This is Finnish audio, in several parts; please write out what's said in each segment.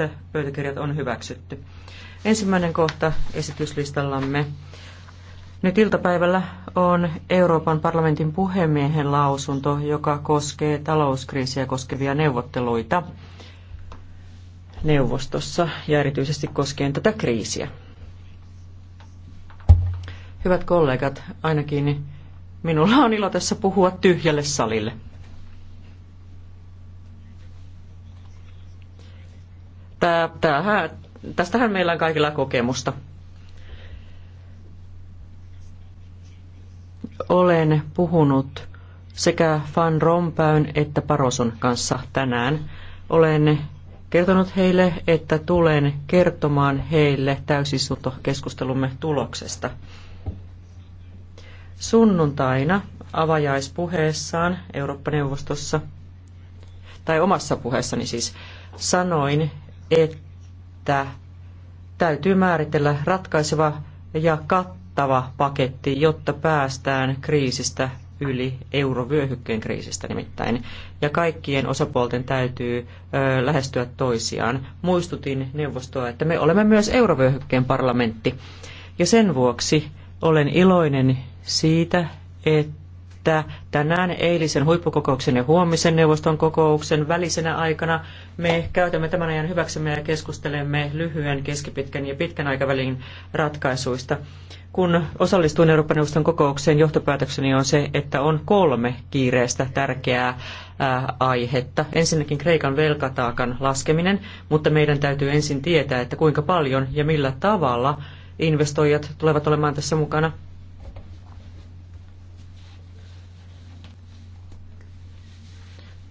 että pöytäkirjat on hyväksytty. Ensimmäinen kohta esityslistallamme. Nyt iltapäivällä on Euroopan parlamentin puhemiehen lausunto, joka koskee talouskriisiä koskevia neuvotteluita neuvostossa ja erityisesti koskien tätä kriisiä. Hyvät kollegat, ainakin minulla on ilo tässä puhua tyhjälle salille. Tämähän, tästähän meillä on kaikilla kokemusta. Olen puhunut sekä Van Rompäyn että Paroson kanssa tänään. Olen kertonut heille, että tulen kertomaan heille täysistuntokeskustelumme tuloksesta. Sunnuntaina avajaispuheessaan Eurooppa-neuvostossa, tai omassa puheessani siis, sanoin että täytyy määritellä ratkaiseva ja kattava paketti, jotta päästään kriisistä yli eurovyöhykkeen kriisistä nimittäin. Ja kaikkien osapuolten täytyy ö, lähestyä toisiaan. Muistutin neuvostoa, että me olemme myös eurovyöhykkeen parlamentti. Ja sen vuoksi olen iloinen siitä, että että tänään eilisen huippukokouksen ja huomisen neuvoston kokouksen välisenä aikana me käytämme tämän ajan hyväksemme ja keskustelemme lyhyen, keskipitkän ja pitkän aikavälin ratkaisuista. Kun osallistuin Euroopan neuvoston kokoukseen, johtopäätökseni on se, että on kolme kiireistä tärkeää aihetta. Ensinnäkin Kreikan velkataakan laskeminen, mutta meidän täytyy ensin tietää, että kuinka paljon ja millä tavalla investoijat tulevat olemaan tässä mukana.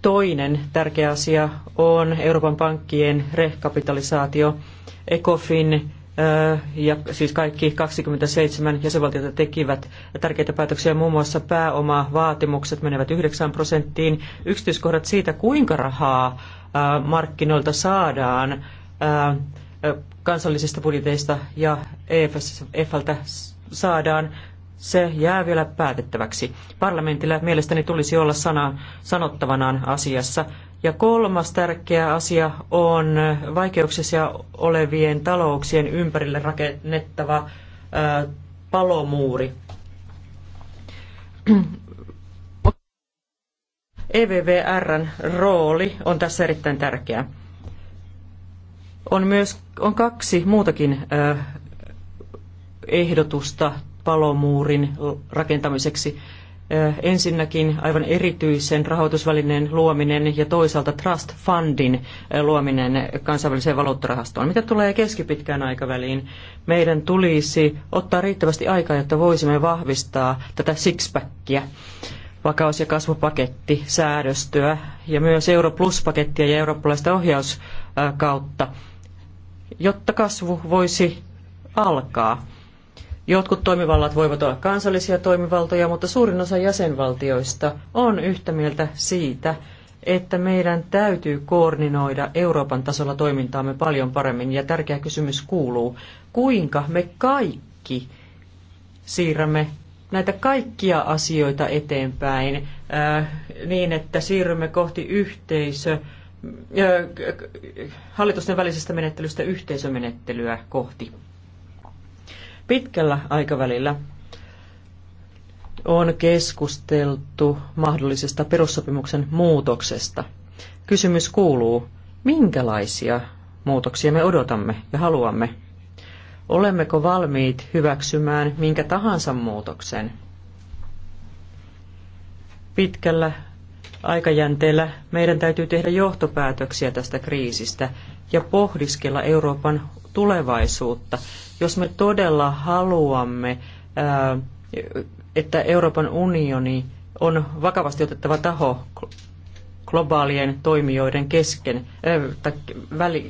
Toinen tärkeä asia on Euroopan pankkien rekapitalisaatio. ECOFIN ja siis kaikki 27 jäsenvaltiota tekivät tärkeitä päätöksiä, muun muassa pääomavaatimukset menevät 9 prosenttiin. Yksityiskohdat siitä, kuinka rahaa markkinoilta saadaan kansallisista budjeteista ja EFLtä saadaan se jää vielä päätettäväksi. Parlamentilla mielestäni tulisi olla sana, sanottavanaan asiassa. Ja kolmas tärkeä asia on vaikeuksissa olevien talouksien ympärille rakennettava ää, palomuuri. EVVRn rooli on tässä erittäin tärkeä. On myös on kaksi muutakin ää, ehdotusta palomuurin rakentamiseksi. Ensinnäkin aivan erityisen rahoitusvälineen luominen ja toisaalta Trust Fundin luominen kansainväliseen valuuttarahastoon. Mitä tulee keskipitkään aikaväliin, meidän tulisi ottaa riittävästi aikaa, jotta voisimme vahvistaa tätä sixpackia vakaus- ja kasvupaketti, säädöstöä ja myös Europlus-pakettia ja eurooppalaista ohjauskautta, jotta kasvu voisi alkaa. Jotkut toimivallat voivat olla kansallisia toimivaltoja, mutta suurin osa jäsenvaltioista on yhtä mieltä siitä, että meidän täytyy koordinoida Euroopan tasolla toimintaamme paljon paremmin. Ja tärkeä kysymys kuuluu, kuinka me kaikki siirrämme näitä kaikkia asioita eteenpäin äh, niin, että siirrymme kohti yhteisö, äh, hallitusten välisestä menettelystä yhteisömenettelyä kohti. Pitkällä aikavälillä on keskusteltu mahdollisesta perussopimuksen muutoksesta. Kysymys kuuluu, minkälaisia muutoksia me odotamme ja haluamme? Olemmeko valmiit hyväksymään minkä tahansa muutoksen? Pitkällä aikajänteellä meidän täytyy tehdä johtopäätöksiä tästä kriisistä ja pohdiskella Euroopan tulevaisuutta jos me todella haluamme, että Euroopan unioni on vakavasti otettava taho globaalien toimijoiden kesken, tai väli,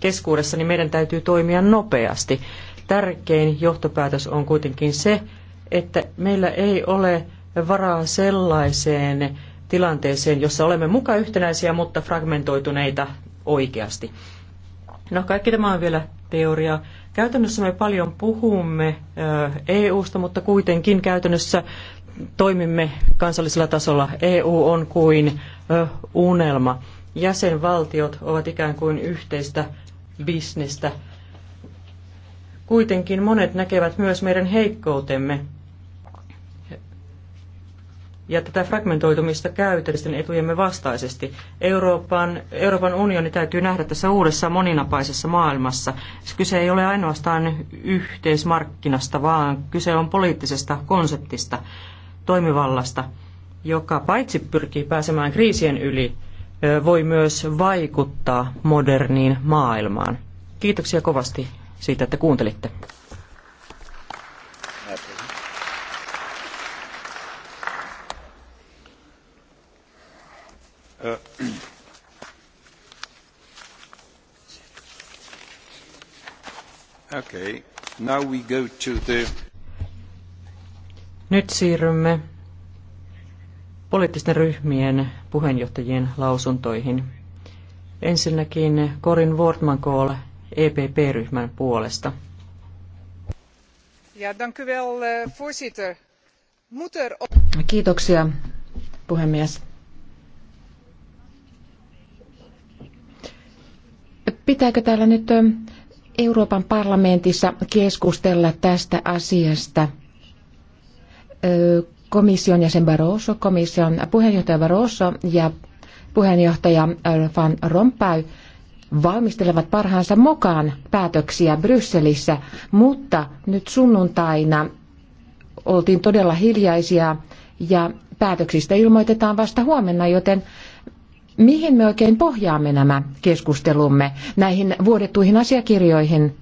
keskuudessa, niin meidän täytyy toimia nopeasti. Tärkein johtopäätös on kuitenkin se, että meillä ei ole varaa sellaiseen tilanteeseen, jossa olemme muka yhtenäisiä, mutta fragmentoituneita oikeasti. No kaikki tämä on vielä teoriaa. Käytännössä me paljon puhumme EU-sta, mutta kuitenkin käytännössä toimimme kansallisella tasolla. EU on kuin unelma. Jäsenvaltiot ovat ikään kuin yhteistä bisnestä. Kuitenkin monet näkevät myös meidän heikkoutemme ja tätä fragmentoitumista käytännöllisten etujemme vastaisesti. Euroopan, Euroopan unioni täytyy nähdä tässä uudessa moninapaisessa maailmassa. Kyse ei ole ainoastaan yhteismarkkinasta, vaan kyse on poliittisesta konseptista, toimivallasta, joka paitsi pyrkii pääsemään kriisien yli, voi myös vaikuttaa moderniin maailmaan. Kiitoksia kovasti siitä, että kuuntelitte. Now we go to the... Nyt siirrymme poliittisten ryhmien puheenjohtajien lausuntoihin. Ensinnäkin Corin wortman kool EPP-ryhmän puolesta. Eh, er Kiitoksia, puhemies. Pitääkö täällä nyt eh, Euroopan parlamentissa keskustella tästä asiasta. Komission jäsen Barroso, komission puheenjohtaja Barroso ja puheenjohtaja Van Rompuy valmistelevat parhaansa mukaan päätöksiä Brysselissä, mutta nyt sunnuntaina oltiin todella hiljaisia ja päätöksistä ilmoitetaan vasta huomenna, joten mihin me oikein pohjaamme nämä keskustelumme näihin vuodettuihin asiakirjoihin,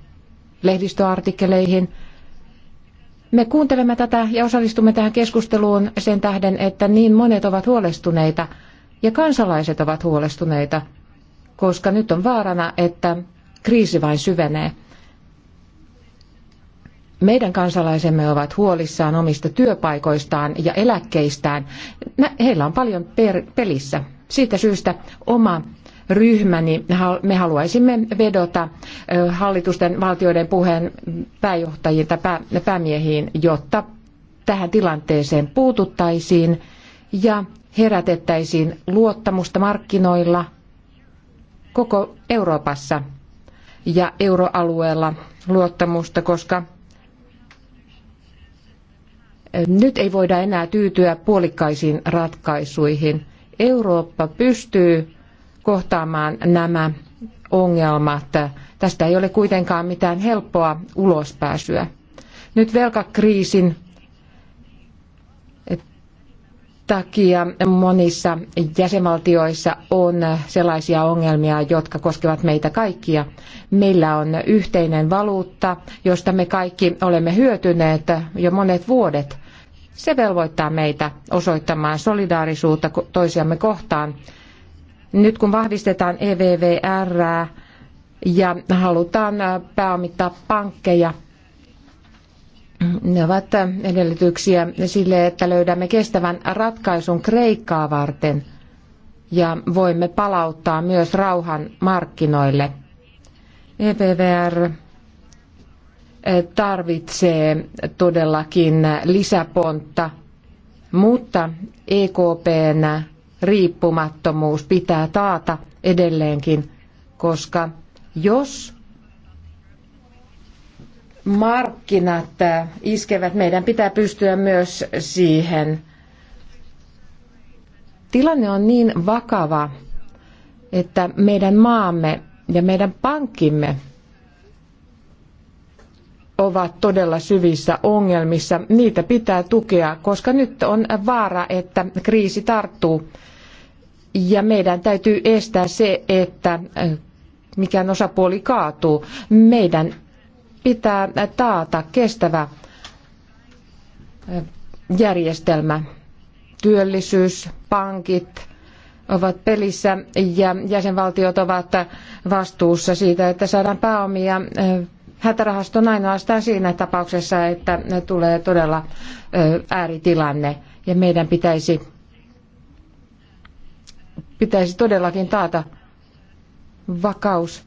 lehdistöartikkeleihin. Me kuuntelemme tätä ja osallistumme tähän keskusteluun sen tähden, että niin monet ovat huolestuneita ja kansalaiset ovat huolestuneita, koska nyt on vaarana, että kriisi vain syvenee. Meidän kansalaisemme ovat huolissaan omista työpaikoistaan ja eläkkeistään. Heillä on paljon pelissä. Siitä syystä oma ryhmäni, me haluaisimme vedota hallitusten valtioiden puheen pääjohtajiin tai päämiehiin, jotta tähän tilanteeseen puututtaisiin ja herätettäisiin luottamusta markkinoilla koko Euroopassa ja euroalueella luottamusta, koska nyt ei voida enää tyytyä puolikkaisiin ratkaisuihin. Eurooppa pystyy kohtaamaan nämä ongelmat. Tästä ei ole kuitenkaan mitään helppoa ulospääsyä. Nyt velkakriisin takia monissa jäsenvaltioissa on sellaisia ongelmia, jotka koskevat meitä kaikkia. Meillä on yhteinen valuutta, josta me kaikki olemme hyötyneet jo monet vuodet. Se velvoittaa meitä osoittamaan solidaarisuutta toisiamme kohtaan. Nyt kun vahvistetaan EVVR ja halutaan äh, pääomittaa pankkeja, ne ovat äh, edellytyksiä sille, että löydämme kestävän ratkaisun Kreikkaa varten ja voimme palauttaa myös rauhan markkinoille. EPVR tarvitsee todellakin lisäpontta, mutta EKPn riippumattomuus pitää taata edelleenkin, koska jos markkinat iskevät, meidän pitää pystyä myös siihen. Tilanne on niin vakava, että meidän maamme ja meidän pankkimme ovat todella syvissä ongelmissa. Niitä pitää tukea, koska nyt on vaara, että kriisi tarttuu. Ja meidän täytyy estää se, että äh, mikään osapuoli kaatuu. Meidän pitää taata kestävä äh, järjestelmä. Työllisyys, pankit ovat pelissä ja jäsenvaltiot ovat vastuussa siitä, että saadaan pääomia äh, on ainoastaan siinä tapauksessa, että tulee todella ääritilanne ja meidän pitäisi, pitäisi todellakin taata vakaus.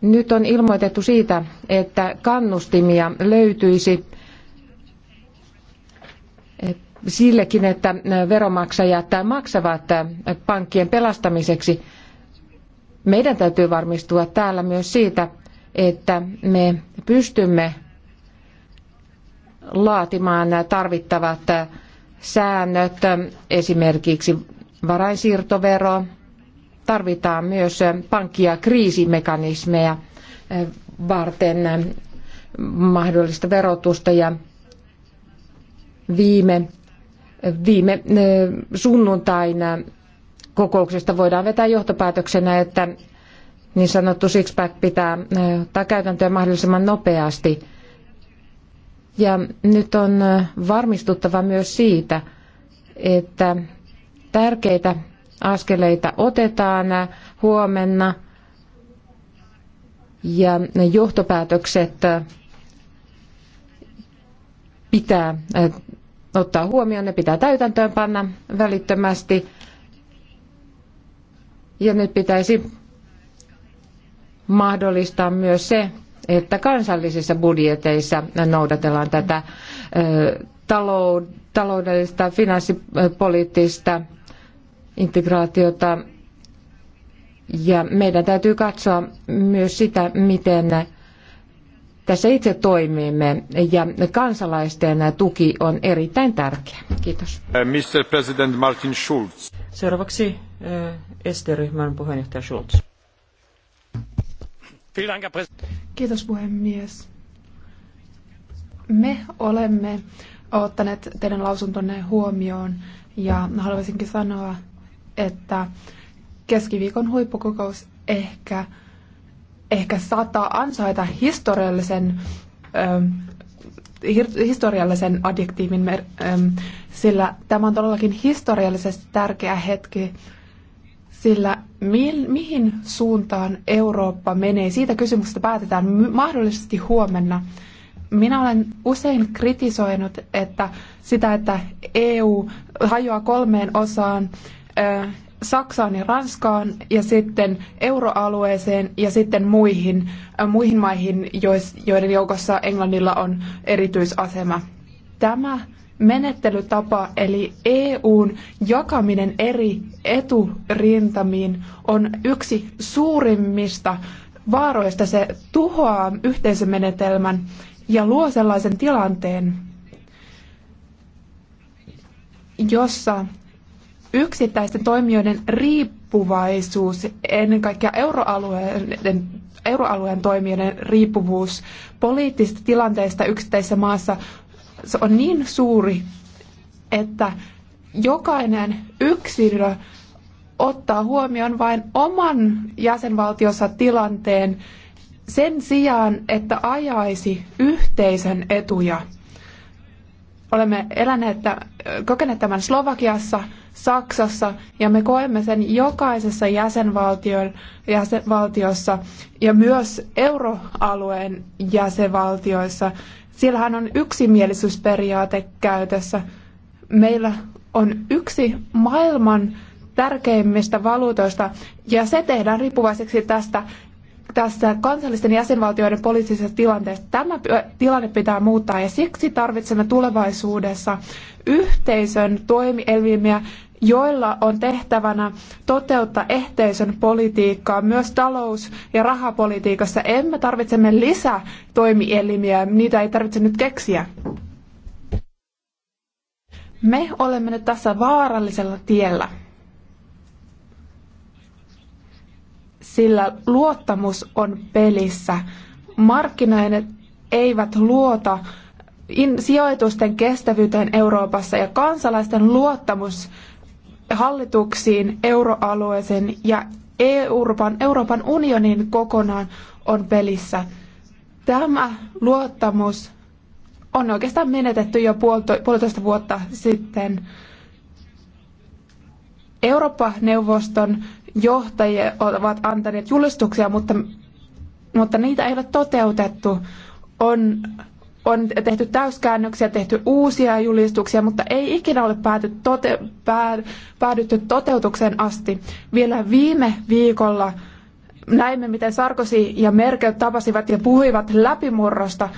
Nyt on ilmoitettu siitä, että kannustimia löytyisi sillekin, että veromaksajat maksavat pankkien pelastamiseksi – meidän täytyy varmistua täällä myös siitä, että me pystymme laatimaan tarvittavat säännöt, esimerkiksi varainsiirtovero. Tarvitaan myös pankki- ja kriisimekanismeja varten mahdollista verotusta ja viime, viime eh, sunnuntaina kokouksesta voidaan vetää johtopäätöksenä, että niin sanottu six-pack pitää eh, ottaa käytäntöön mahdollisimman nopeasti. Ja nyt on eh, varmistuttava myös siitä, että tärkeitä askeleita otetaan eh, huomenna ja ne johtopäätökset pitää ottaa huomioon, ne pitää täytäntöön panna välittömästi ja nyt pitäisi mahdollistaa myös se, että kansallisissa budjeteissa noudatellaan tätä taloudellista, finanssipoliittista integraatiota. Ja meidän täytyy katsoa myös sitä, miten tässä itse toimimme ja kansalaisten tuki on erittäin tärkeä. Kiitos. Eh, Mr. President Martin Schulz. Seuraavaksi eh, st puheenjohtaja Schulz. Kiitos puhemies. Me olemme ottaneet teidän lausuntonne huomioon ja haluaisinkin sanoa, että keskiviikon huippukokous ehkä ehkä saattaa ansaita historiallisen, ähm, historiallisen adjektiivin, ähm, sillä tämä on todellakin historiallisesti tärkeä hetki, sillä mi- mihin suuntaan Eurooppa menee, siitä kysymyksestä päätetään mahdollisesti huomenna. Minä olen usein kritisoinut että sitä, että EU hajoaa kolmeen osaan, äh, Saksaan ja Ranskaan ja sitten euroalueeseen ja sitten muihin, äh, muihin maihin, joiden joukossa Englannilla on erityisasema. Tämä menettelytapa eli EUn jakaminen eri eturintamiin on yksi suurimmista vaaroista. Se tuhoaa yhteisömenetelmän ja luo sellaisen tilanteen, jossa yksittäisten toimijoiden riippuvaisuus, ennen kaikkea euroalueen, euroalueen toimijoiden riippuvuus poliittisista tilanteista yksittäisessä maassa, se on niin suuri, että jokainen yksilö ottaa huomioon vain oman jäsenvaltionsa tilanteen sen sijaan, että ajaisi yhteisen etuja. Olemme eläneet, kokeneet tämän Slovakiassa, Saksassa ja me koemme sen jokaisessa jäsenvaltion, jäsenvaltiossa ja myös euroalueen jäsenvaltioissa. Siellähän on yksimielisyysperiaate käytössä. Meillä on yksi maailman tärkeimmistä valuutoista ja se tehdään riippuvaiseksi tästä tässä kansallisten jäsenvaltioiden poliittisessa tilanteessa Tämä tilanne pitää muuttaa ja siksi tarvitsemme tulevaisuudessa yhteisön toimielimiä, joilla on tehtävänä toteuttaa yhteisön politiikkaa myös talous- ja rahapolitiikassa. Emme tarvitsemme lisää toimielimiä, niitä ei tarvitse nyt keksiä. Me olemme nyt tässä vaarallisella tiellä. sillä luottamus on pelissä. Markkinainet eivät luota sijoitusten kestävyyteen Euroopassa ja kansalaisten luottamus hallituksiin, euroalueeseen ja Euroopan, Euroopan unionin kokonaan on pelissä. Tämä luottamus on oikeastaan menetetty jo puolitoista vuotta sitten. Eurooppa-neuvoston johtajia ovat antaneet julistuksia, mutta, mutta niitä ei ole toteutettu. On, on tehty täyskäännöksiä, tehty uusia julistuksia, mutta ei ikinä ole pääty tote, pää, päädytty toteutukseen asti. Vielä viime viikolla näimme, miten Sarkozy ja Merkel tapasivat ja puhuivat läpimurrosta.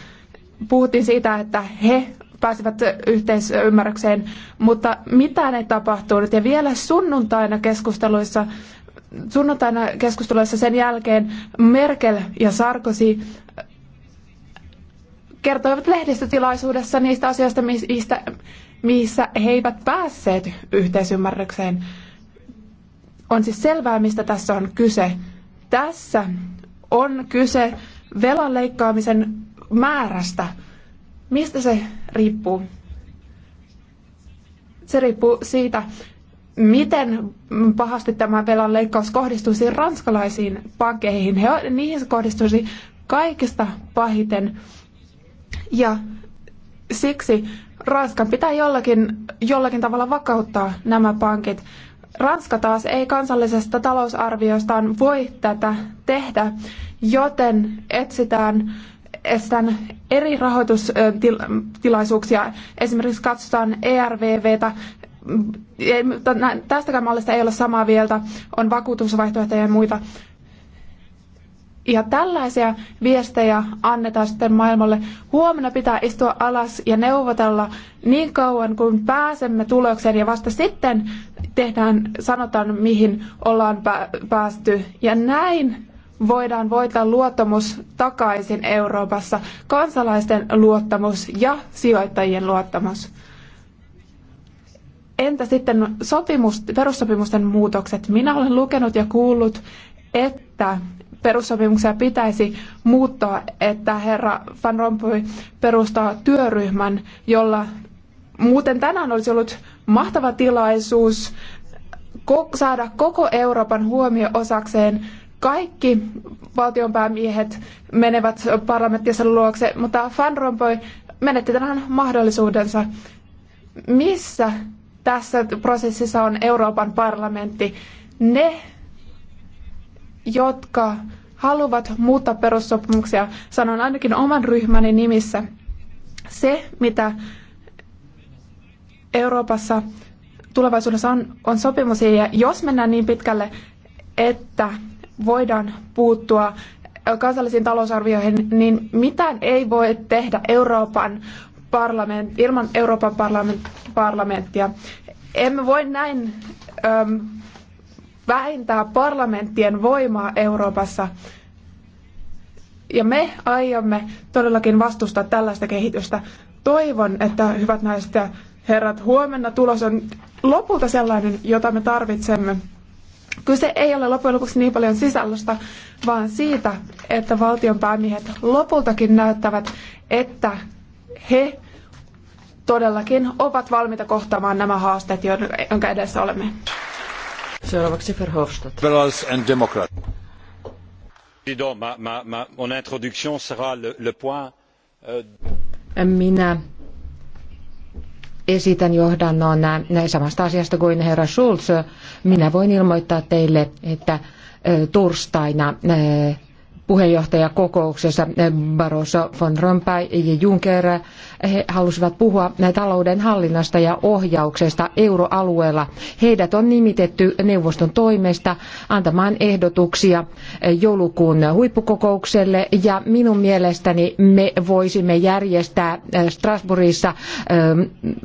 Puhuttiin siitä, että he pääsivät yhteisymmärrykseen, mutta mitään ei tapahtunut. Ja vielä sunnuntaina keskusteluissa sunnuntaina keskustelussa sen jälkeen Merkel ja Sarkozy kertoivat lehdistötilaisuudessa niistä asioista, mistä, missä he eivät päässeet yhteisymmärrykseen. On siis selvää, mistä tässä on kyse. Tässä on kyse velan leikkaamisen määrästä. Mistä se riippuu? Se riippuu siitä, miten pahasti tämä velan leikkaus kohdistuisi ranskalaisiin pankkeihin. He, niihin se kohdistuisi kaikista pahiten. Ja siksi Ranskan pitää jollakin, jollakin tavalla vakauttaa nämä pankit. Ranska taas ei kansallisesta talousarviostaan voi tätä tehdä, joten etsitään, etsitään eri rahoitustilaisuuksia. Esimerkiksi katsotaan ERVVtä, tästäkään mallista ei ole samaa vielä. on vakuutusvaihtoehtoja ja muita. Ja tällaisia viestejä annetaan sitten maailmalle. Huomenna pitää istua alas ja neuvotella niin kauan, kun pääsemme tulokseen ja vasta sitten tehdään, sanotaan, mihin ollaan päästy. Ja näin voidaan voittaa luottamus takaisin Euroopassa, kansalaisten luottamus ja sijoittajien luottamus. Entä sitten sopimus, perussopimusten muutokset? Minä olen lukenut ja kuullut, että perussopimuksia pitäisi muuttaa, että herra Van Rompuy perustaa työryhmän, jolla muuten tänään olisi ollut mahtava tilaisuus saada koko Euroopan huomio osakseen. Kaikki valtionpäämiehet menevät parlamenttinsa luokse, mutta Van Rompuy menetti tänään mahdollisuudensa. Missä tässä prosessissa on Euroopan parlamentti. Ne, jotka haluavat muuttaa perussopimuksia, sanon ainakin oman ryhmäni nimissä, se mitä Euroopassa tulevaisuudessa on, on sopimus, ja jos mennään niin pitkälle, että voidaan puuttua kansallisiin talousarvioihin, niin mitään ei voi tehdä Euroopan parlament, ilman Euroopan parlament, parlamenttia. Emme voi näin äm, vähentää parlamenttien voimaa Euroopassa. Ja me aiomme todellakin vastustaa tällaista kehitystä. Toivon, että hyvät naiset ja herrat, huomenna tulos on lopulta sellainen, jota me tarvitsemme. Kyse ei ole loppujen lopuksi niin paljon sisällöstä, vaan siitä, että valtion päämiehet lopultakin näyttävät, että he todellakin ovat valmiita kohtaamaan nämä haasteet, jonka edessä olemme. Seuraavaksi Verhofstadt. Minä esitän johdannon samasta asiasta kuin herra Schulz. Minä voin ilmoittaa teille, että torstaina puheenjohtajakokouksessa Barroso, von Rompuy ja Juncker he halusivat puhua talouden hallinnasta ja ohjauksesta euroalueella. Heidät on nimitetty neuvoston toimesta antamaan ehdotuksia joulukuun huippukokoukselle ja minun mielestäni me voisimme järjestää Strasbourgissa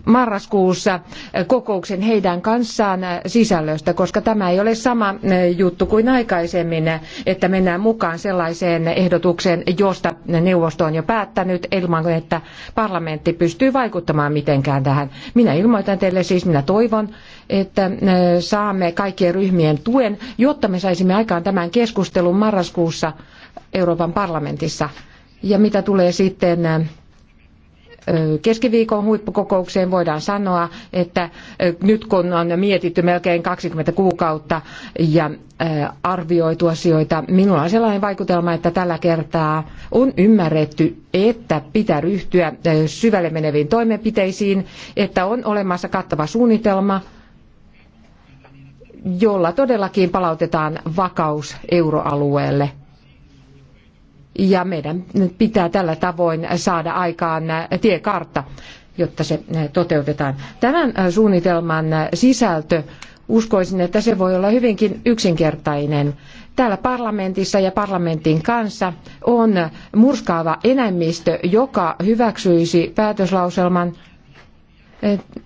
marraskuussa kokouksen heidän kanssaan sisällöstä, koska tämä ei ole sama juttu kuin aikaisemmin, että mennään mukaan sellaisiin sellaiseen ehdotukseen, josta neuvosto on jo päättänyt, ilman että parlamentti pystyy vaikuttamaan mitenkään tähän. Minä ilmoitan teille siis, minä toivon, että äh, saamme kaikkien ryhmien tuen, jotta me saisimme aikaan tämän keskustelun marraskuussa Euroopan parlamentissa. Ja mitä tulee sitten äh, keskiviikon huippukokoukseen voidaan sanoa, että nyt kun on mietitty melkein 20 kuukautta ja arvioitu asioita, minulla on sellainen vaikutelma, että tällä kertaa on ymmärretty, että pitää ryhtyä syvälle meneviin toimenpiteisiin, että on olemassa kattava suunnitelma, jolla todellakin palautetaan vakaus euroalueelle – ja meidän pitää tällä tavoin saada aikaan tiekartta, jotta se toteutetaan. Tämän suunnitelman sisältö uskoisin, että se voi olla hyvinkin yksinkertainen. Täällä parlamentissa ja parlamentin kanssa on murskaava enemmistö, joka hyväksyisi päätöslauselman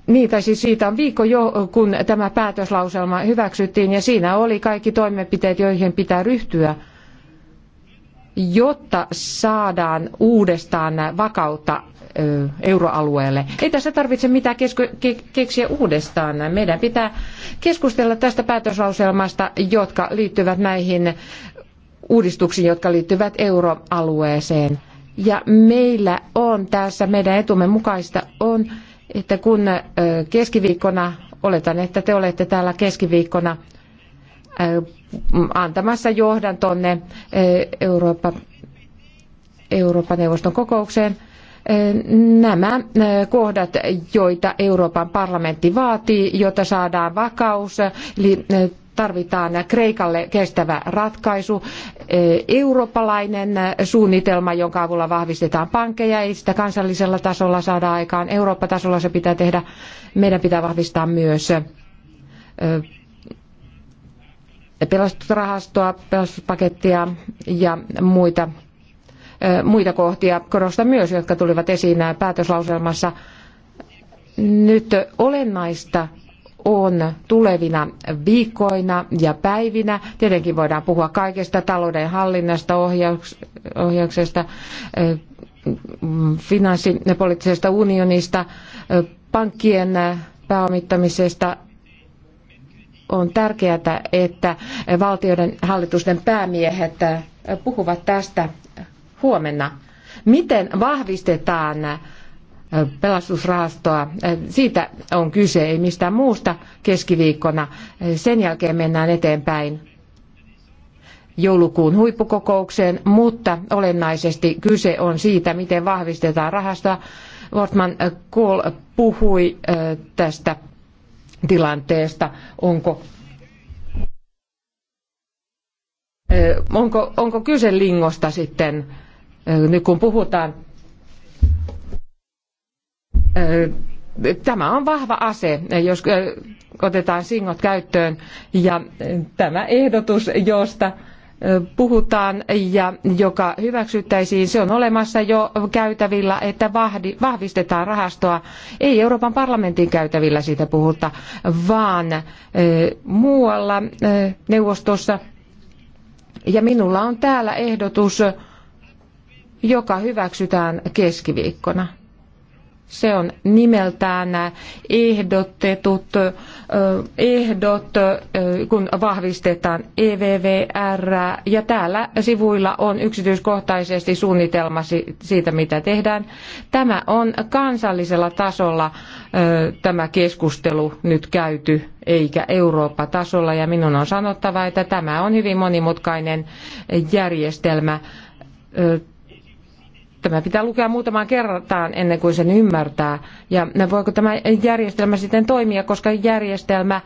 niin, tai siis siitä on viikko jo, kun tämä päätöslauselma hyväksyttiin, ja siinä oli kaikki toimenpiteet, joihin pitää ryhtyä jotta saadaan uudestaan vakautta euroalueelle. Ei tässä tarvitse mitään keksiä uudestaan. Meidän pitää keskustella tästä päätöslauselmasta, jotka liittyvät näihin uudistuksiin, jotka liittyvät euroalueeseen. Ja meillä on tässä, meidän etumme mukaista on, että kun keskiviikkona, oletan, että te olette täällä keskiviikkona antamassa tuonne eh, Eurooppa, Euroopan neuvoston kokoukseen. Eh, nämä eh, kohdat, joita Euroopan parlamentti vaatii, jotta saadaan vakaus, eli tarvitaan Kreikalle kestävä ratkaisu, eurooppalainen suunnitelma, jonka avulla vahvistetaan pankkeja, ei sitä kansallisella tasolla saada aikaan, Eurooppa-tasolla se pitää tehdä, meidän pitää vahvistaa myös pelastusrahastoa, pelastuspakettia ja muita, muita kohtia. Korostan myös, jotka tulivat esiin päätöslauselmassa. Nyt olennaista on tulevina viikkoina ja päivinä. Tietenkin voidaan puhua kaikesta talouden hallinnasta, ohjauks, ohjauksesta, finanssipoliittisesta unionista, pankkien pääomittamisesta on tärkeää, että valtioiden hallitusten päämiehet puhuvat tästä huomenna. Miten vahvistetaan pelastusrahastoa, siitä on kyse, ei mistään muusta keskiviikkona. Sen jälkeen mennään eteenpäin joulukuun huippukokoukseen, mutta olennaisesti kyse on siitä, miten vahvistetaan rahastoa. Wortman Kohl puhui tästä tilanteesta, onko Onko, onko kyse lingosta sitten, nyt kun puhutaan tämä on vahva ase, jos otetaan singot käyttöön. Ja tämä ehdotus, josta puhutaan ja joka hyväksyttäisiin, se on olemassa jo käytävillä, että vahvistetaan rahastoa. Ei Euroopan parlamentin käytävillä siitä puhuta, vaan muualla neuvostossa. Ja minulla on täällä ehdotus, joka hyväksytään keskiviikkona. Se on nimeltään ehdotetut ehdot, kun vahvistetaan EVVR. Ja täällä sivuilla on yksityiskohtaisesti suunnitelma siitä, mitä tehdään. Tämä on kansallisella tasolla tämä keskustelu nyt käyty, eikä Eurooppa-tasolla. Ja minun on sanottava, että tämä on hyvin monimutkainen järjestelmä Tämä pitää lukea muutamaan kertaan ennen kuin sen ymmärtää. Ja voiko tämä järjestelmä sitten toimia, koska järjestelmä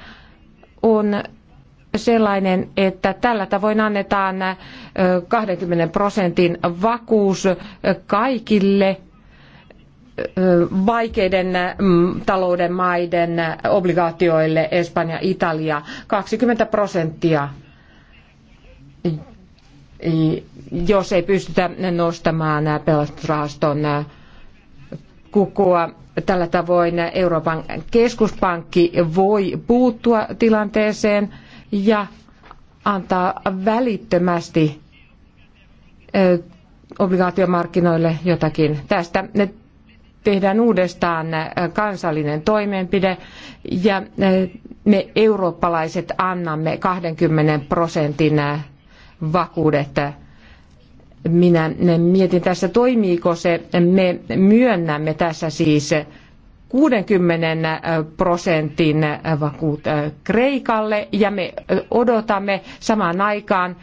on sellainen, että tällä tavoin annetaan 20 prosentin vakuus kaikille vaikeiden mm, talouden maiden obligaatioille Espanja, Italia, 20 prosenttia jos ei pystytä nostamaan pelastusrahaston kukua. Tällä tavoin Euroopan keskuspankki voi puuttua tilanteeseen ja antaa välittömästi obligaatiomarkkinoille jotakin. Tästä ne tehdään uudestaan kansallinen toimenpide ja me eurooppalaiset annamme 20 prosentin vakuudet. Minä mietin tässä, toimiiko se. Me myönnämme tässä siis 60 prosentin vakuut Kreikalle ja me odotamme samaan aikaan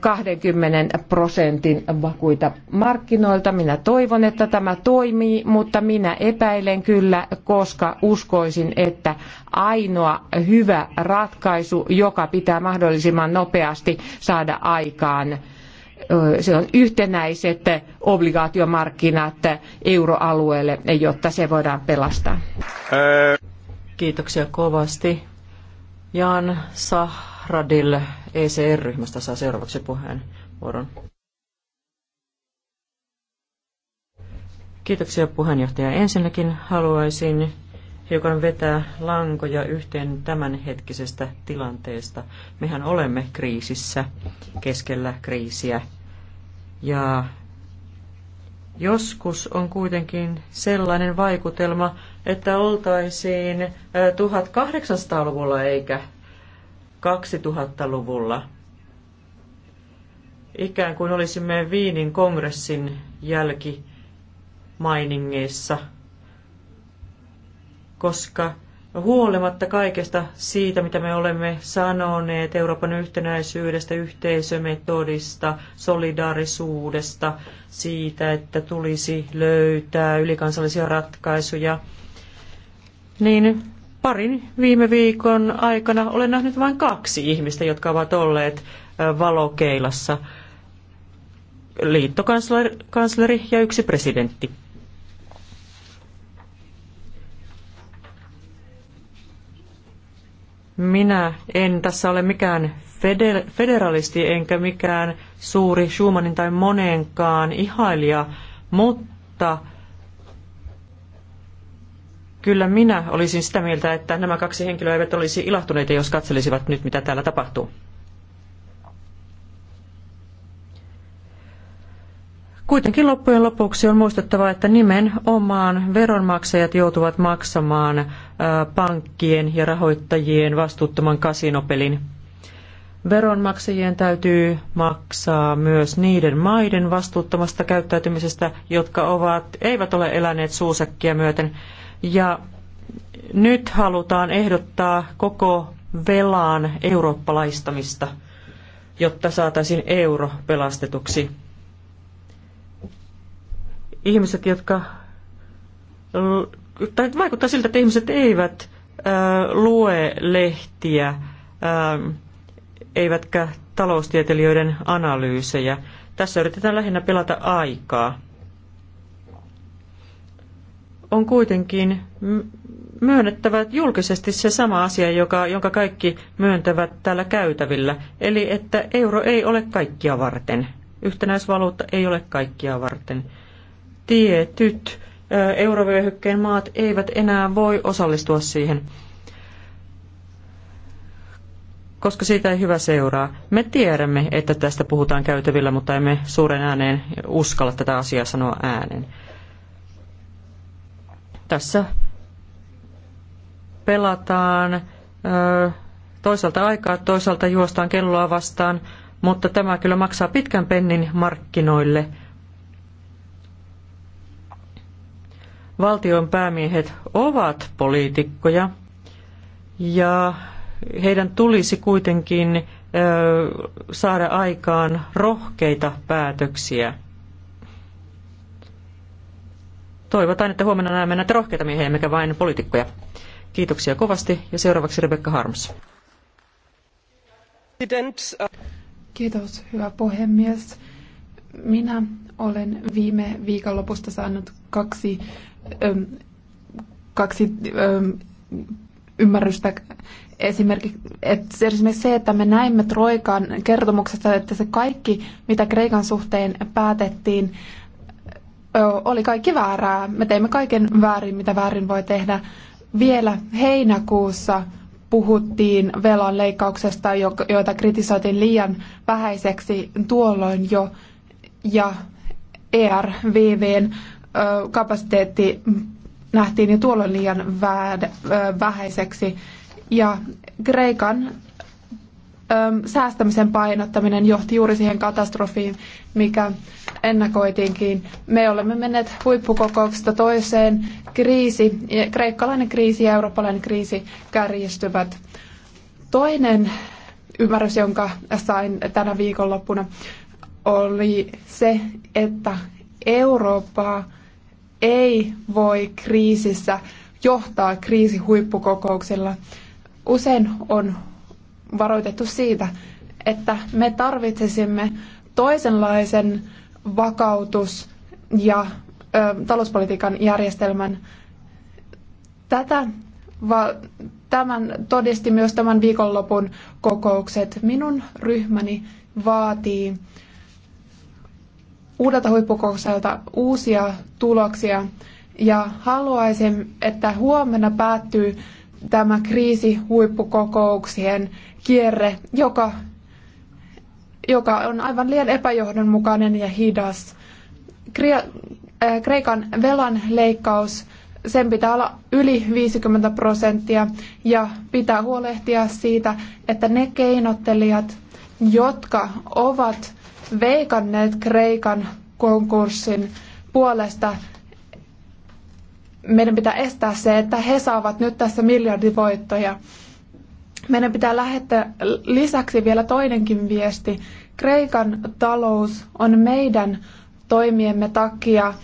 20 prosentin vakuita markkinoilta. Minä toivon, että tämä toimii, mutta minä epäilen kyllä, koska uskoisin, että ainoa hyvä ratkaisu, joka pitää mahdollisimman nopeasti saada aikaan, se on yhtenäiset obligaatiomarkkinat euroalueelle, jotta se voidaan pelastaa. Kiitoksia kovasti. Jan Sah Zahradil ECR-ryhmästä saa seuraavaksi puheenvuoron. Kiitoksia puheenjohtaja. Ensinnäkin haluaisin hiukan vetää lankoja yhteen tämänhetkisestä tilanteesta. Mehän olemme kriisissä, keskellä kriisiä. Ja joskus on kuitenkin sellainen vaikutelma, että oltaisiin 1800-luvulla eikä 2000-luvulla. Ikään kuin olisimme Viinin kongressin jälkimainingeissa, koska huolimatta kaikesta siitä, mitä me olemme sanoneet Euroopan yhtenäisyydestä, yhteisömetodista, solidaarisuudesta, siitä, että tulisi löytää ylikansallisia ratkaisuja, niin parin viime viikon aikana olen nähnyt vain kaksi ihmistä, jotka ovat olleet valokeilassa. Liittokansleri ja yksi presidentti. Minä en tässä ole mikään federalisti enkä mikään suuri Schumannin tai monenkaan ihailija, mutta Kyllä minä olisin sitä mieltä, että nämä kaksi henkilöä eivät olisi ilahtuneita, jos katselisivat nyt, mitä täällä tapahtuu. Kuitenkin loppujen lopuksi on muistettava, että nimenomaan veronmaksajat joutuvat maksamaan pankkien ja rahoittajien vastuuttoman kasinopelin. Veronmaksajien täytyy maksaa myös niiden maiden vastuuttomasta käyttäytymisestä, jotka ovat, eivät ole eläneet suusäkkiä myöten. Ja nyt halutaan ehdottaa koko velan eurooppalaistamista, jotta saataisiin euro pelastetuksi. Ihmiset, jotka... Tai vaikuttaa siltä, että ihmiset eivät äh, lue lehtiä, äh, eivätkä taloustieteilijöiden analyysejä. Tässä yritetään lähinnä pelata aikaa on kuitenkin myönnettävä julkisesti se sama asia, joka, jonka kaikki myöntävät täällä käytävillä, eli että euro ei ole kaikkia varten. Yhtenäisvaluutta ei ole kaikkia varten. Tietyt eurovyöhykkeen maat eivät enää voi osallistua siihen, koska siitä ei hyvä seuraa. Me tiedämme, että tästä puhutaan käytävillä, mutta emme suuren ääneen uskalla tätä asiaa sanoa ääneen. Tässä pelataan toisaalta aikaa, toisaalta juostaan kelloa vastaan, mutta tämä kyllä maksaa pitkän pennin markkinoille. Valtion päämiehet ovat poliitikkoja ja heidän tulisi kuitenkin saada aikaan rohkeita päätöksiä. Toivotaan, että huomenna näemme näitä rohkeita miehiä, mikä vain poliitikkoja. Kiitoksia kovasti ja seuraavaksi Rebecca Harms. Kiitos, hyvä puhemies. Minä olen viime viikonlopusta saanut kaksi, ähm, kaksi ähm, ymmärrystä. Esimerkiksi, että se, että me näimme Troikan kertomuksessa, että se kaikki, mitä Kreikan suhteen päätettiin, oli kaikki väärää. Me teimme kaiken väärin, mitä väärin voi tehdä. Vielä heinäkuussa puhuttiin velan leikkauksesta, joita kritisoitiin liian vähäiseksi tuolloin jo, ja ERVVn kapasiteetti nähtiin jo tuolloin liian vähäiseksi. Ja Kreikan säästämisen painottaminen johti juuri siihen katastrofiin, mikä ennakoitiinkin. Me olemme menneet huippukokouksesta toiseen. Kriisi, kreikkalainen kriisi ja eurooppalainen kriisi kärjistyvät. Toinen ymmärrys, jonka sain tänä viikonloppuna, oli se, että Eurooppaa ei voi kriisissä johtaa kriisihuippukokouksella. Usein on varoitettu siitä, että me tarvitsisimme toisenlaisen vakautus- ja ö, talouspolitiikan järjestelmän. Tätä va- tämän todisti myös tämän viikonlopun kokoukset. Minun ryhmäni vaatii uudelta huippukokoukselta uusia tuloksia ja haluaisin, että huomenna päättyy tämä kriisi huippukokouksien kierre, joka, joka on aivan liian epäjohdonmukainen ja hidas. Äh, Kreikan velan leikkaus, sen pitää olla yli 50 prosenttia ja pitää huolehtia siitä, että ne keinottelijat, jotka ovat veikanneet Kreikan konkurssin puolesta, meidän pitää estää se, että he saavat nyt tässä miljardivoittoja. Meidän pitää lähettää lisäksi vielä toinenkin viesti. Kreikan talous on meidän toimiemme takia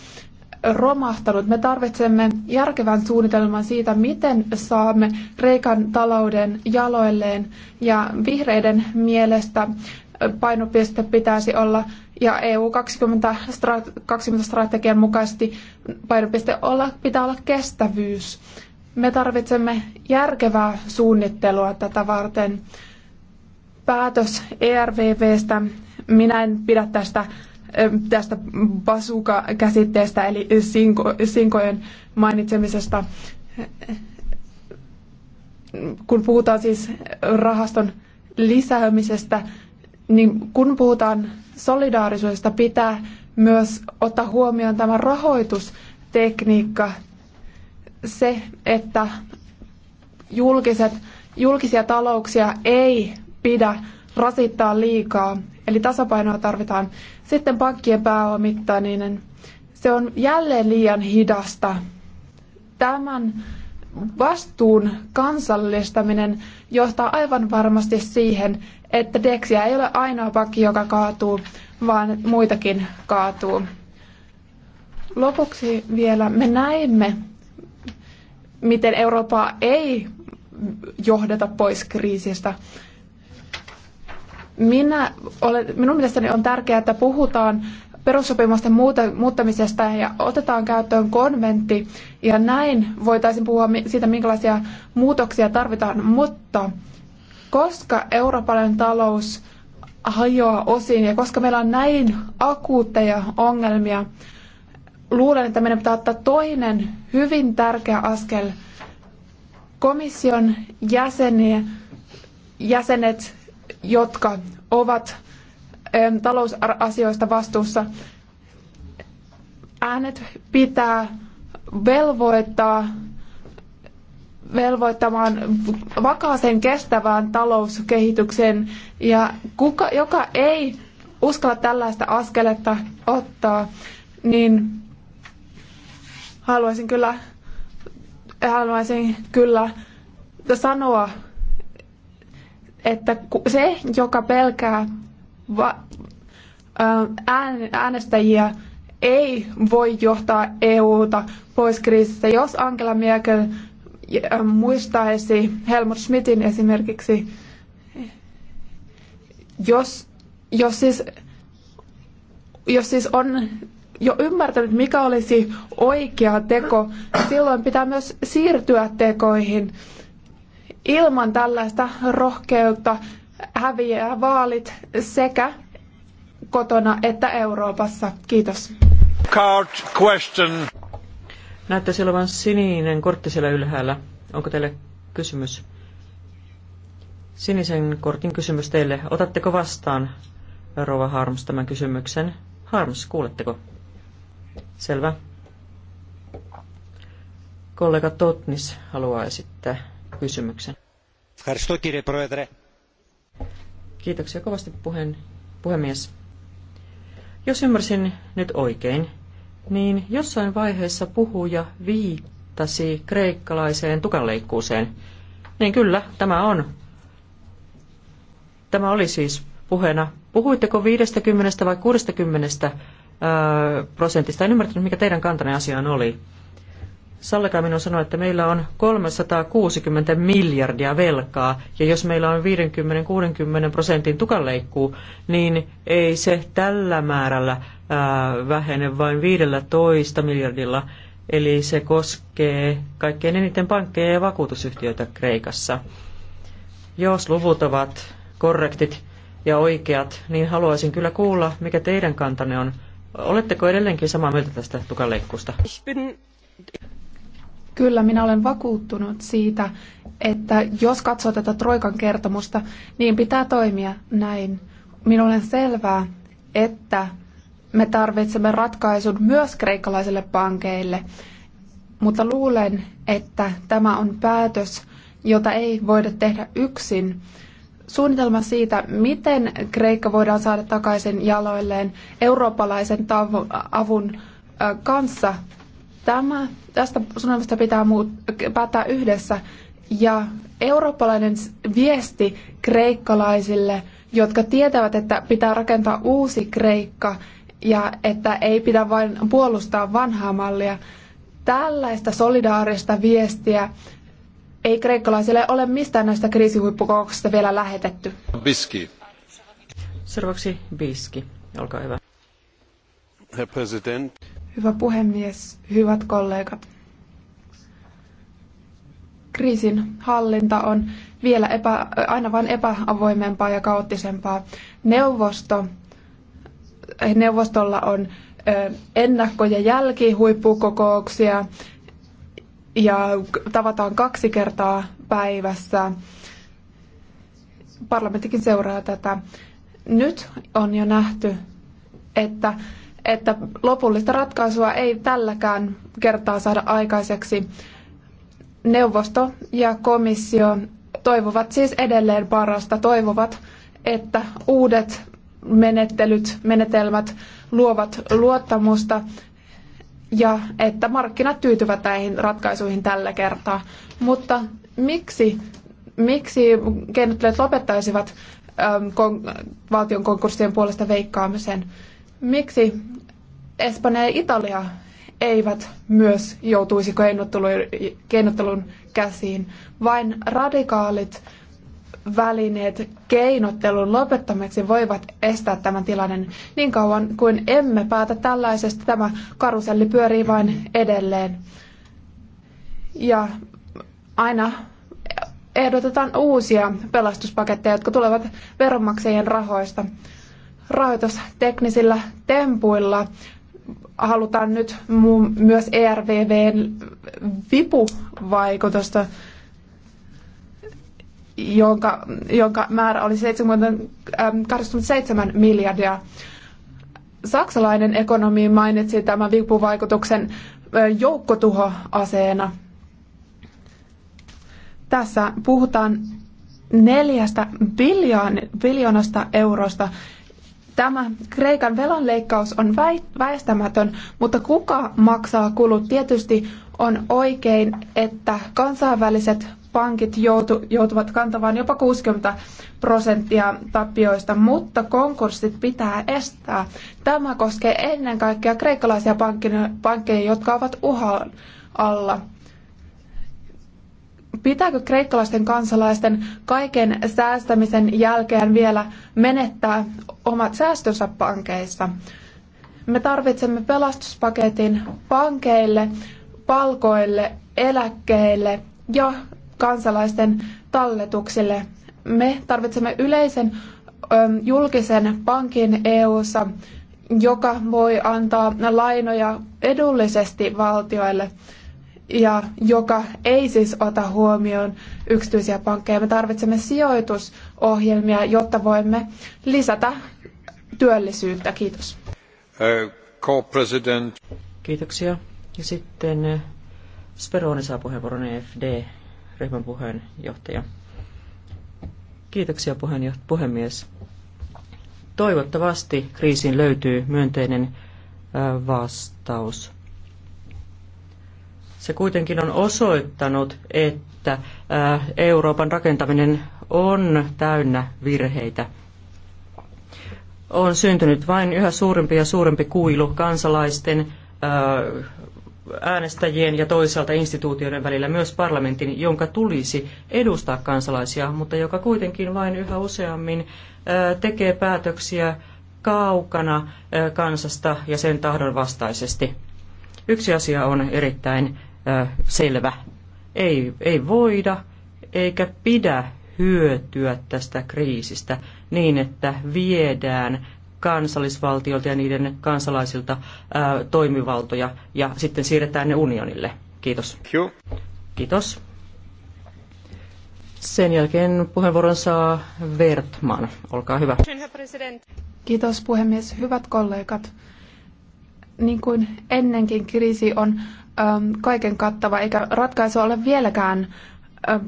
romahtanut. Me tarvitsemme järkevän suunnitelman siitä, miten saamme Kreikan talouden jaloilleen. Ja vihreiden mielestä painopiste pitäisi olla ja EU 20, 20 strategian mukaisesti painopiste olla, pitää olla kestävyys. Me tarvitsemme järkevää suunnittelua tätä varten. Päätös ERVVstä, minä en pidä tästä, tästä basuka-käsitteestä eli sinko, sinkojen mainitsemisesta, kun puhutaan siis rahaston lisäämisestä, niin kun puhutaan solidaarisuudesta, pitää myös ottaa huomioon tämä rahoitustekniikka, se, että julkiset, julkisia talouksia ei pidä rasittaa liikaa, eli tasapainoa tarvitaan. Sitten pankkien pääomittaminen, se on jälleen liian hidasta. Tämän vastuun kansallistaminen johtaa aivan varmasti siihen, että Dexia ei ole ainoa pakki, joka kaatuu, vaan muitakin kaatuu. Lopuksi vielä me näimme, miten Eurooppaa ei johdeta pois kriisistä. Minä olen, minun mielestäni on tärkeää, että puhutaan perussopimusten muuttamisesta ja otetaan käyttöön konventti ja näin voitaisiin puhua siitä, minkälaisia muutoksia tarvitaan, mutta koska eurooppalainen talous hajoaa osiin ja koska meillä on näin akuutteja ongelmia, luulen, että meidän pitää ottaa toinen hyvin tärkeä askel. Komission jäseniä, jäsenet, jotka ovat talousasioista vastuussa, äänet pitää velvoittaa velvoittamaan vakaaseen kestävään talouskehitykseen ja kuka, joka ei uskalla tällaista askeletta ottaa, niin haluaisin kyllä, haluaisin kyllä sanoa, että se, joka pelkää äänestäjiä, ei voi johtaa EUta pois kriisistä. Jos Angela Merkel Äh, muistaisi Helmut Schmidtin esimerkiksi, jos, jos, siis, jos siis on jo ymmärtänyt, mikä olisi oikea teko, silloin pitää myös siirtyä tekoihin. Ilman tällaista rohkeutta häviää vaalit sekä kotona että Euroopassa. Kiitos. Card question siellä vain sininen kortti siellä ylhäällä. Onko teille kysymys? Sinisen kortin kysymys teille. Otatteko vastaan, Rova Harms, tämän kysymyksen? Harms, kuuletteko? Selvä. Kollega Totnis haluaa esittää kysymyksen. Kiitoksia kovasti puhemies. Jos ymmärsin nyt oikein, niin jossain vaiheessa puhuja viittasi kreikkalaiseen tukanleikkuuseen. Niin kyllä, tämä on. Tämä oli siis puheena. Puhuitteko 50 vai 60 prosentista? En ymmärtänyt, mikä teidän kantanne asiaan oli. Sallikaa minun sanoa, että meillä on 360 miljardia velkaa, ja jos meillä on 50-60 prosentin tukanleikkuu, niin ei se tällä määrällä ää, vähene vain 15 miljardilla, eli se koskee kaikkein eniten pankkeja ja vakuutusyhtiöitä Kreikassa. Jos luvut ovat korrektit ja oikeat, niin haluaisin kyllä kuulla, mikä teidän kantanne on. Oletteko edelleenkin samaa mieltä tästä tukanleikkuusta? Ich bin Kyllä, minä olen vakuuttunut siitä, että jos katsoo tätä Troikan kertomusta, niin pitää toimia näin. Minulle on selvää, että me tarvitsemme ratkaisut myös kreikkalaisille pankeille, mutta luulen, että tämä on päätös, jota ei voida tehdä yksin. Suunnitelma siitä, miten Kreikka voidaan saada takaisin jaloilleen eurooppalaisen avun kanssa Tämä, tästä suunnitelmasta pitää muut, päättää yhdessä. Ja eurooppalainen viesti kreikkalaisille, jotka tietävät, että pitää rakentaa uusi Kreikka ja että ei pidä vain puolustaa vanhaa mallia. Tällaista solidaarista viestiä ei kreikkalaisille ole mistään näistä kriisihuippukokouksista vielä lähetetty. Biski. Seuraavaksi Biski, olkaa hyvä. Herr President. Hyvä puhemies, hyvät kollegat. Kriisin hallinta on vielä epä, aina vain epäavoimempaa ja kaoottisempaa. Neuvosto, eh, neuvostolla on eh, ennakko- ja jälkihuippukokouksia ja tavataan kaksi kertaa päivässä. Parlamenttikin seuraa tätä. Nyt on jo nähty, että että lopullista ratkaisua ei tälläkään kertaa saada aikaiseksi. Neuvosto ja komissio toivovat siis edelleen parasta, toivovat, että uudet menettelyt, menetelmät luovat luottamusta ja että markkinat tyytyvät näihin ratkaisuihin tällä kertaa. Mutta miksi, miksi keinottelijat lopettaisivat ähm, valtion konkurssien puolesta veikkaamisen? Miksi Espanja ja Italia eivät myös joutuisi keinottelun käsiin? Vain radikaalit välineet keinottelun lopettamiseksi voivat estää tämän tilanne niin kauan kuin emme päätä tällaisesta. Tämä karuselli pyörii vain edelleen. Ja aina ehdotetaan uusia pelastuspaketteja, jotka tulevat veronmaksajien rahoista rahoitusteknisillä tempuilla halutaan nyt myös ERVVn vipuvaikutusta, jonka, jonka määrä oli 70, 87 ähm, miljardia. Saksalainen ekonomi mainitsi tämän vipuvaikutuksen joukkotuhoaseena. Tässä puhutaan neljästä biljoonasta eurosta, Tämä Kreikan velanleikkaus on väistämätön, mutta kuka maksaa kulut? Tietysti on oikein, että kansainväliset pankit joutu, joutuvat kantamaan jopa 60 prosenttia tappioista, mutta konkurssit pitää estää. Tämä koskee ennen kaikkea kreikkalaisia pankkeja, jotka ovat uhan alla. Pitääkö kreikkalaisten kansalaisten kaiken säästämisen jälkeen vielä menettää omat säästönsä pankeissa? Me tarvitsemme pelastuspaketin pankeille, palkoille, eläkkeille ja kansalaisten talletuksille. Me tarvitsemme yleisen julkisen pankin EU:ssa, joka voi antaa lainoja edullisesti valtioille ja joka ei siis ota huomioon yksityisiä pankkeja. Me tarvitsemme sijoitusohjelmia, jotta voimme lisätä työllisyyttä. Kiitos. Co-president. Kiitoksia. Ja sitten eh, Speroni saa puheenvuoron EFD-ryhmän puheenjohtaja. Kiitoksia puhemies. Toivottavasti kriisiin löytyy myönteinen eh, vastaus. Se kuitenkin on osoittanut, että äh, Euroopan rakentaminen on täynnä virheitä. On syntynyt vain yhä suurempi ja suurempi kuilu kansalaisten äh, äänestäjien ja toisaalta instituutioiden välillä myös parlamentin, jonka tulisi edustaa kansalaisia, mutta joka kuitenkin vain yhä useammin äh, tekee päätöksiä kaukana kansasta ja sen tahdon vastaisesti. Yksi asia on erittäin selvä. Ei, ei voida eikä pidä hyötyä tästä kriisistä niin, että viedään kansallisvaltiolta ja niiden kansalaisilta ää, toimivaltoja ja sitten siirretään ne unionille. Kiitos. Kiitos. Kiitos. Sen jälkeen puheenvuoron saa Vertman. Olkaa hyvä. Kiitos puhemies. Hyvät kollegat. Niin kuin ennenkin kriisi on Ähm, kaiken kattava, eikä ratkaisu ole vieläkään äh,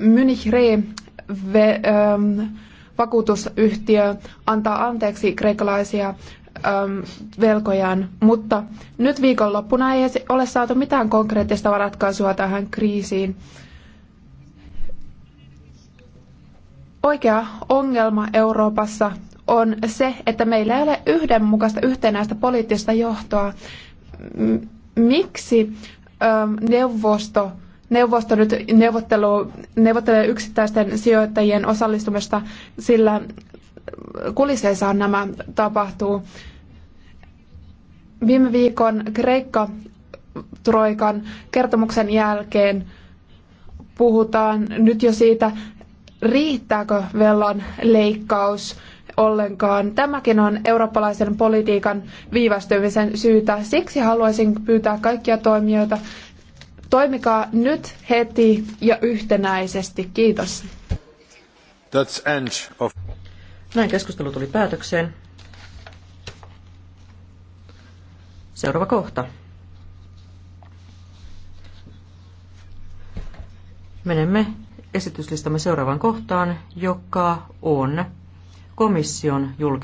Munich Re ähm, vakuutusyhtiö antaa anteeksi kreikkalaisia ähm, velkojaan, mutta nyt viikonloppuna ei ole saatu mitään konkreettista ratkaisua tähän kriisiin. Oikea ongelma Euroopassa on se, että meillä ei ole yhdenmukaista yhtenäistä poliittista johtoa miksi neuvosto, neuvosto nyt neuvottelu, neuvottelee yksittäisten sijoittajien osallistumista, sillä kulisseissaan nämä tapahtuu. Viime viikon Kreikka Troikan kertomuksen jälkeen puhutaan nyt jo siitä, riittääkö velan leikkaus ollenkaan. Tämäkin on eurooppalaisen politiikan viivästymisen syytä. Siksi haluaisin pyytää kaikkia toimijoita, toimikaa nyt heti ja yhtenäisesti. Kiitos. That's end of... Näin keskustelu tuli päätökseen. Seuraava kohta. Menemme esityslistamme seuraavaan kohtaan, joka on komission julkilausuma.